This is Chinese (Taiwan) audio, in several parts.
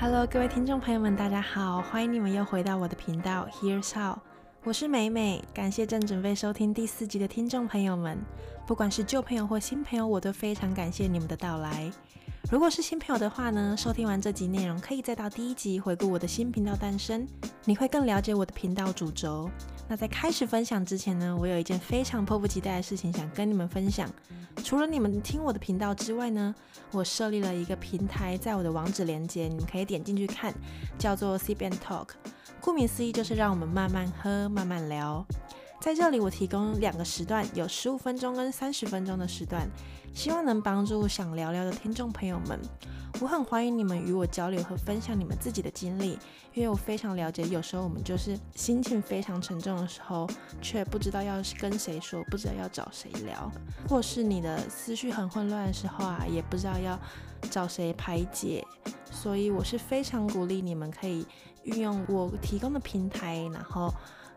Hello，各位聽眾朋友們，大家好，歡迎你們又回到我的頻道 Here's How。我是美美，感謝正準備收聽第四集的聽眾朋友們，不管是舊朋友或新朋友，我都非常感謝你們的到來。如果是新朋友的話呢，收聽完這集內容，可以再到第一集回顧我的新頻道誕生，你會更了解我的頻道主軸。那在開始分享之前呢，我有一件非常迫不及待的事情想跟你們分享。除了你們聽我的頻道之外呢，我設立了一個平台，在我的網址連接，你們可以點進去看，叫做 Sip and Talk。顧名思義，就是讓我們慢慢喝，慢慢聊。在這裡，我提供兩個時段，有十五分鐘跟三十分鐘的時段，希望能幫助想聊聊的聽眾朋友們。我很歡迎你們與我交流和分享你們自己的經歷，因為我非常了解，有時候我們就是心情非常沉重的時候，卻不知道要跟誰說，不知道要找誰聊，或是你的思緒很混亂的時候啊，也不知道要找誰排解。所以，我是非常鼓勵你們可以。運用我提供的平台，然後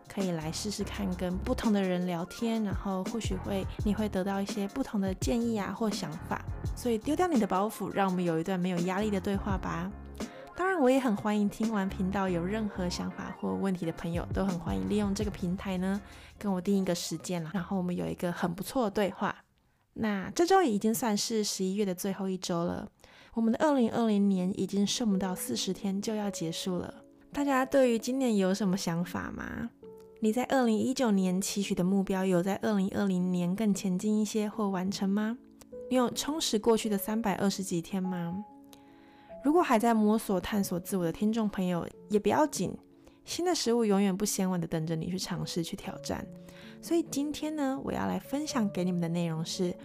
可以來試試看，跟不同的人聊天，然後或許會你會得到一些不同的建議啊或想法。所以丟掉你的包袱，讓我們有一段沒有壓力的對話吧。當然，我也很歡迎聽完頻道有任何想法或問題的朋友，都很歡迎利用這個平台呢，跟我訂一個時間啦，然後我們有一個很不錯的對話。那這周已經算是十一月的最後一周了，我們的二零二零年已經剩不到四十天就要結束了。大家對於今年有什麼想法嗎？你在二零一九年期許的目標，有在二零二零年更前進一些或完成嗎？你有充實過去的三百二十幾天嗎？如果還在摸索探索自我的聽眾朋友也不要緊，新的事物永遠不嫌晚的等着你去嘗試去挑戰。所以今天呢，我要來分享給你們的內容是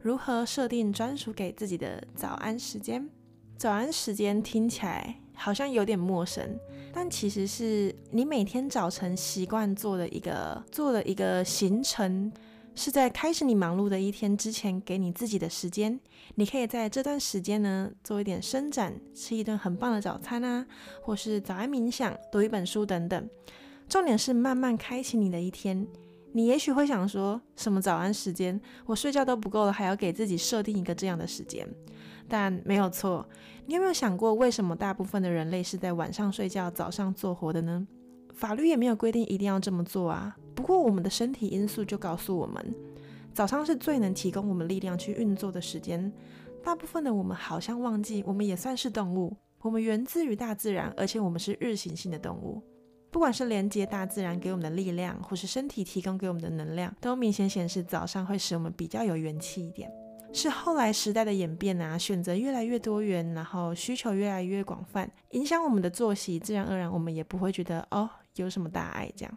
如何設定專屬給自己的早安時間。早安時間聽起來好像有點陌生，但其實是你每天早晨習慣做的一個做的一個行程，是在開始你忙碌的一天之前給你自己的時間。你可以在這段時間呢，做一點伸展，吃一頓很棒的早餐啊，或是早安冥想、讀一本書等等。重點是慢慢開啟你的一天。你也許會想說，什麼早安時間？我睡覺都不夠了，還要給自己設定一個這樣的時間？但沒有錯，你有沒有想過，為什麼大部分的人類是在晚上睡覺、早上做活的呢？法律也沒有規定一定要這麼做啊。不過我們的身體因素就告訴我們，早上是最能提供我們力量去運作的時間。大部分的我們好像忘記，我們也算是動物，我們源自於大自然，而且我們是日行性的動物。不管是連接大自然給我們的力量，或是身體提供給我們的能量，都明顯顯示早上會使我們比較有元氣一點。是後來時代的演變啊，選擇越來越多元，然後需求越來越廣泛，影響我們的作息，自然而然我們也不會覺得哦有什麼大礙這樣。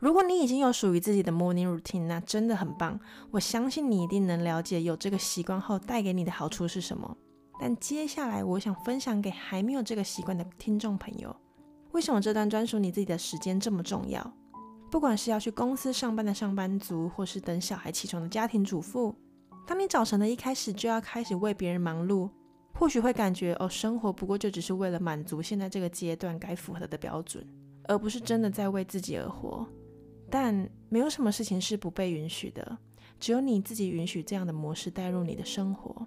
如果你已經有屬於自己的 morning routine，那真的很棒，我相信你一定能了解有這個習慣後帶給你的好處是什麼。但接下來我想分享給還沒有這個習慣的聽眾朋友，為什麼這段專屬你自己的時間這麼重要？不管是要去公司上班的上班族，或是等小孩起床的家庭主婦。當你早晨的一開始就要開始為別人忙碌，或許會感覺哦，生活不過就只是為了滿足現在這個階段該符合的標準，而不是真的在為自己而活。但沒有什麼事情是不被允許的，只有你自己允許這樣的模式帶入你的生活。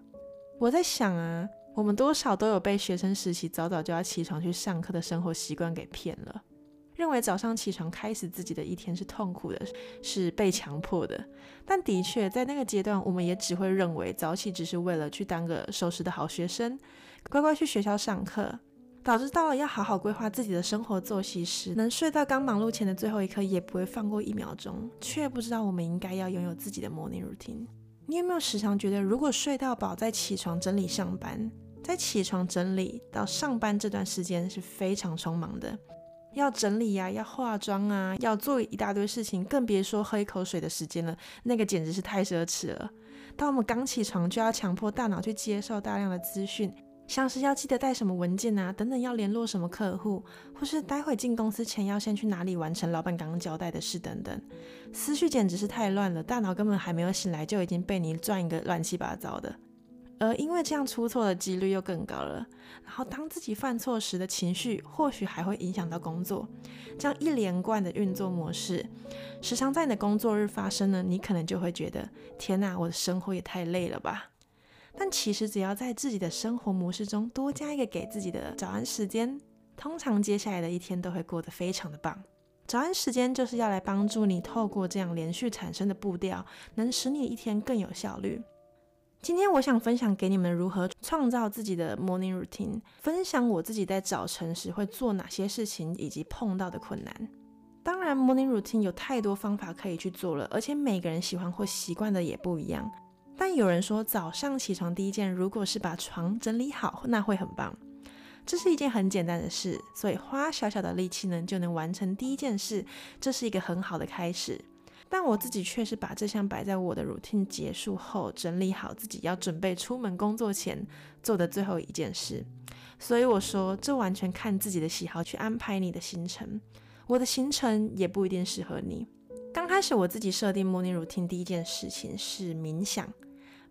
我在想啊，我們多少都有被學生時期早早就要起床去上課的生活習慣給騙了。認為早上起床開始自己的一天是痛苦的，是被強迫的。但的確，在那個階段，我們也只會認為早起只是為了去當個守時的好學生，乖乖去學校上課。導致到了要好好規劃自己的生活作息時，能睡到剛忙碌前的最後一刻，也不會放過一秒鐘。卻不知道我們應該要擁有自己的 morning routine。你有沒有時常覺得，如果睡到飽再起床整理上班，在起床整理到上班這段時間是非常匆忙的？要整理呀，要化妝啊，要做一大堆事情，更別說喝一口水的時間了，那個簡直是太奢侈了。當我們剛起床就要強迫大腦去接受大量的資訊，像是要記得帶什麼文件啊，等等，要聯絡什麼客戶，或是待會進公司前要先去哪裡完成老闆剛剛交代的事等等，思緒簡直是太亂了，大腦根本還沒有醒來就已經被你轉一個亂七八糟的。而因為這樣出錯的幾率又更高了，然後當自己犯錯時的情緒，或許還會影響到工作。這樣一連貫的運作模式，時常在你的工作日發生呢，你可能就會覺得：天哪，我的生活也太累了吧！但其實只要在自己的生活模式中多加一個給自己的早安時間，通常接下來的一天都會過得非常的棒。早安時間就是要來幫助你透過這樣連續產生的步調，能使你一天更有效率。今天我想分享給你們如何創造自己的 morning routine，分享我自己在早晨時會做哪些事情以及碰到的困難。當然，morning routine 有太多方法可以去做了，而且每個人喜歡或習慣的也不一樣。但有人說早上起床第一件，如果是把床整理好，那會很棒。這是一件很簡單的事，所以花小小的力氣呢，就能完成第一件事，這是一個很好的開始。但我自己卻是把這項擺在我的 routine 結束後，整理好自己要準備出門工作前做的最後一件事。所以我說，這完全看自己的喜好去安排你的行程。我的行程也不一定適合你。剛開始我自己設定 morning routine 第一件事情是冥想，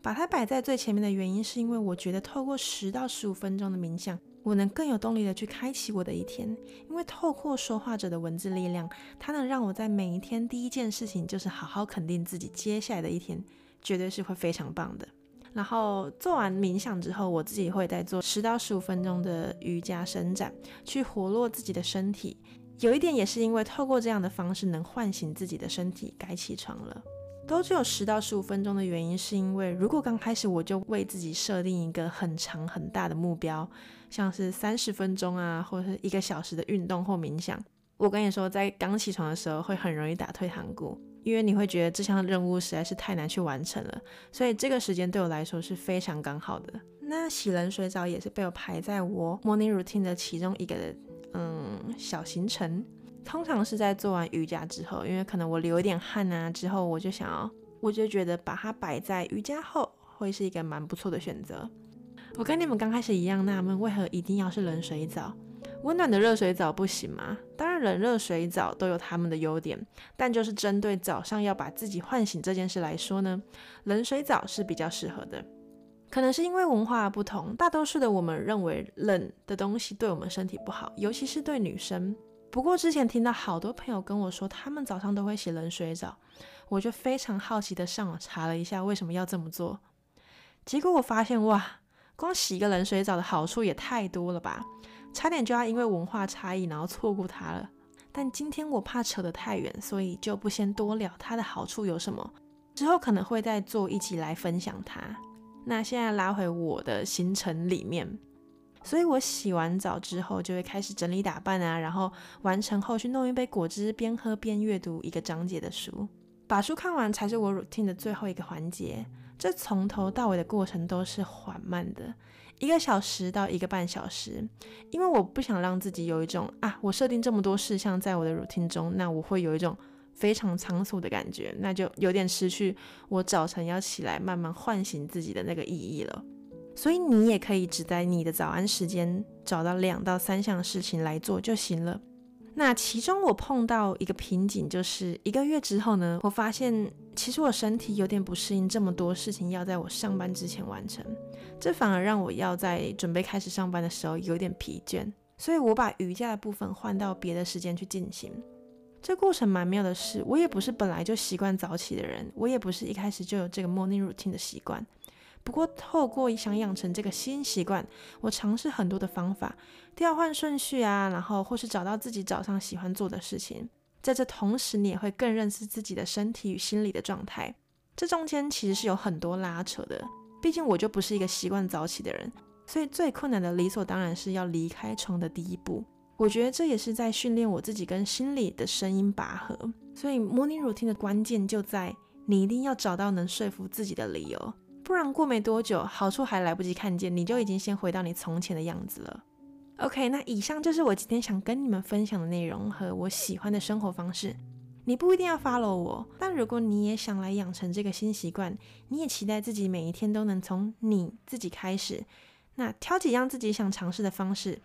把它擺在最前面的原因是因為我覺得透過十到十五分鐘的冥想。我能更有動力的去開啟我的一天，因為透過說話者的文字力量，它能讓我在每一天第一件事情就是好好肯定自己，接下來的一天絕對是會非常棒的。然後做完冥想之後，我自己會再做十到十五分鐘的瑜伽伸展，去活絡自己的身體。有一點也是因為透過這樣的方式，能喚醒自己的身體，該起床了。都只有十到十五分鐘的原因，是因為如果剛開始我就為自己設定一個很長很大的目標，像是三十分鐘啊，或者是一個小時的運動或冥想，我跟你說，在剛起床的時候會很容易打退堂鼓，因為你會覺得這項任務實在是太難去完成了。所以這個時間對我來說是非常剛好的。那洗冷水澡也是被我排在我 morning routine 的其中一個的嗯小行程。通常是在做完瑜伽之後，因為可能我流一點汗啊，之後我就想要，我就覺得把它擺在瑜伽後會是一個蠻不錯的選擇。我跟你們剛開始一樣納悶，我們為何一定要是冷水澡？溫暖的熱水澡不行嗎？當然，冷熱水澡都有它們的優點，但就是針對早上要把自己喚醒這件事來說呢，冷水澡是比較適合的。可能是因為文化不同，大多數的我們認為冷的東西對我們身體不好，尤其是對女生。不過之前聽到好多朋友跟我說，他們早上都會洗冷水澡，我就非常好奇的上網查了一下為什麼要這麼做。結果我發現，哇，光洗一個冷水澡的好處也太多了吧，差點就要因為文化差異然後錯過它了。但今天我怕扯得太遠，所以就不先多聊它的好處有什麼，之後可能會再做一集來分享它。那現在拉回我的行程裡面。所以，我洗完澡之後就會開始整理打扮啊，然後完成後去弄一杯果汁，邊喝邊閱讀一個章節的書，把書看完才是我 routine 的最後一個環節。這從頭到尾的過程都是緩慢的，一個小時到一個半小時，因為我不想讓自己有一種啊，我設定這麼多事項在我的 routine 中，那我會有一種非常倉促的感覺，那就有點失去我早晨要起來慢慢喚醒自己的那個意義了。所以你也可以只在你的早安時間找到兩到三項事情來做就行了。那其中我碰到一個瓶頸，就是一個月之後呢，我發現其實我身體有點不適應這麼多事情要在我上班之前完成，這反而讓我要在準備開始上班的時候有點疲倦。所以我把瑜伽的部分換到別的時間去進行。這過程蠻妙的是，我也不是本來就習慣早起的人，我也不是一開始就有這個 morning routine 的習慣。不過，透過想養成這個新習慣，我嘗試很多的方法，調換順序啊，然後或是找到自己早上喜歡做的事情。在這同時，你也會更認識自己的身體與心理的狀態。這中間其實是有很多拉扯的。畢竟我就不是一個習慣早起的人，所以最困難的理所當然是要離開床的第一步。我覺得這也是在訓練我自己跟心理的聲音拔河。所以 Morning Routine 的關鍵就在你一定要找到能說服自己的理由。不然過沒多久，好處還來不及看見，你就已經先回到你從前的樣子了。OK，那以上就是我今天想跟你們分享的內容和我喜歡的生活方式。你不一定要 follow 我，但如果你也想來養成這個新習慣，你也期待自己每一天都能從你自己開始，那挑幾樣自己想嘗試的方式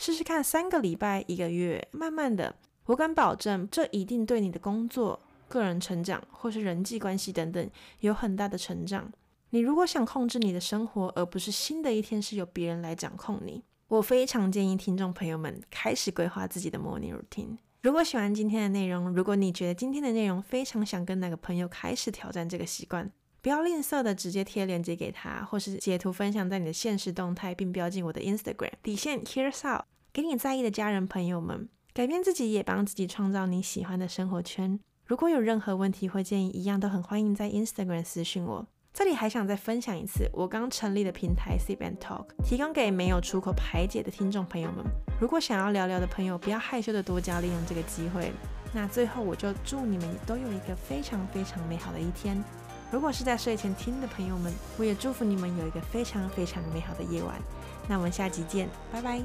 試試看，三個禮拜、一個月，慢慢的，我敢保證，這一定對你的工作、個人成長或是人際關係等等有很大的成長。你如果想控制你的生活，而不是新的一天是由別人來掌控你，我非常建議聽眾朋友們開始規劃自己的模擬 routine。如果喜歡今天的內容，如果你覺得今天的內容非常想跟哪個朋友開始挑戰這個習慣，不要吝嗇的直接貼鏈接給他，或是截圖分享在你的現實動態，並標記我的 Instagram。底線 Here's How。Here 給你在意的家人朋友們改變自己，也幫自己創造你喜歡的生活圈。如果有任何問題或建議，一樣都很歡迎在 Instagram 私訊我。這裡還想再分享一次我剛成立的平台 Sip and Talk，提供給沒有出口排解的聽眾朋友們。如果想要聊聊的朋友，不要害羞的多加利用這個機會。那最後我就祝你們都有一個非常非常美好的一天。如果是在睡前聽的朋友們，我也祝福你們有一個非常非常美好的夜晚。那我們下集見，拜拜。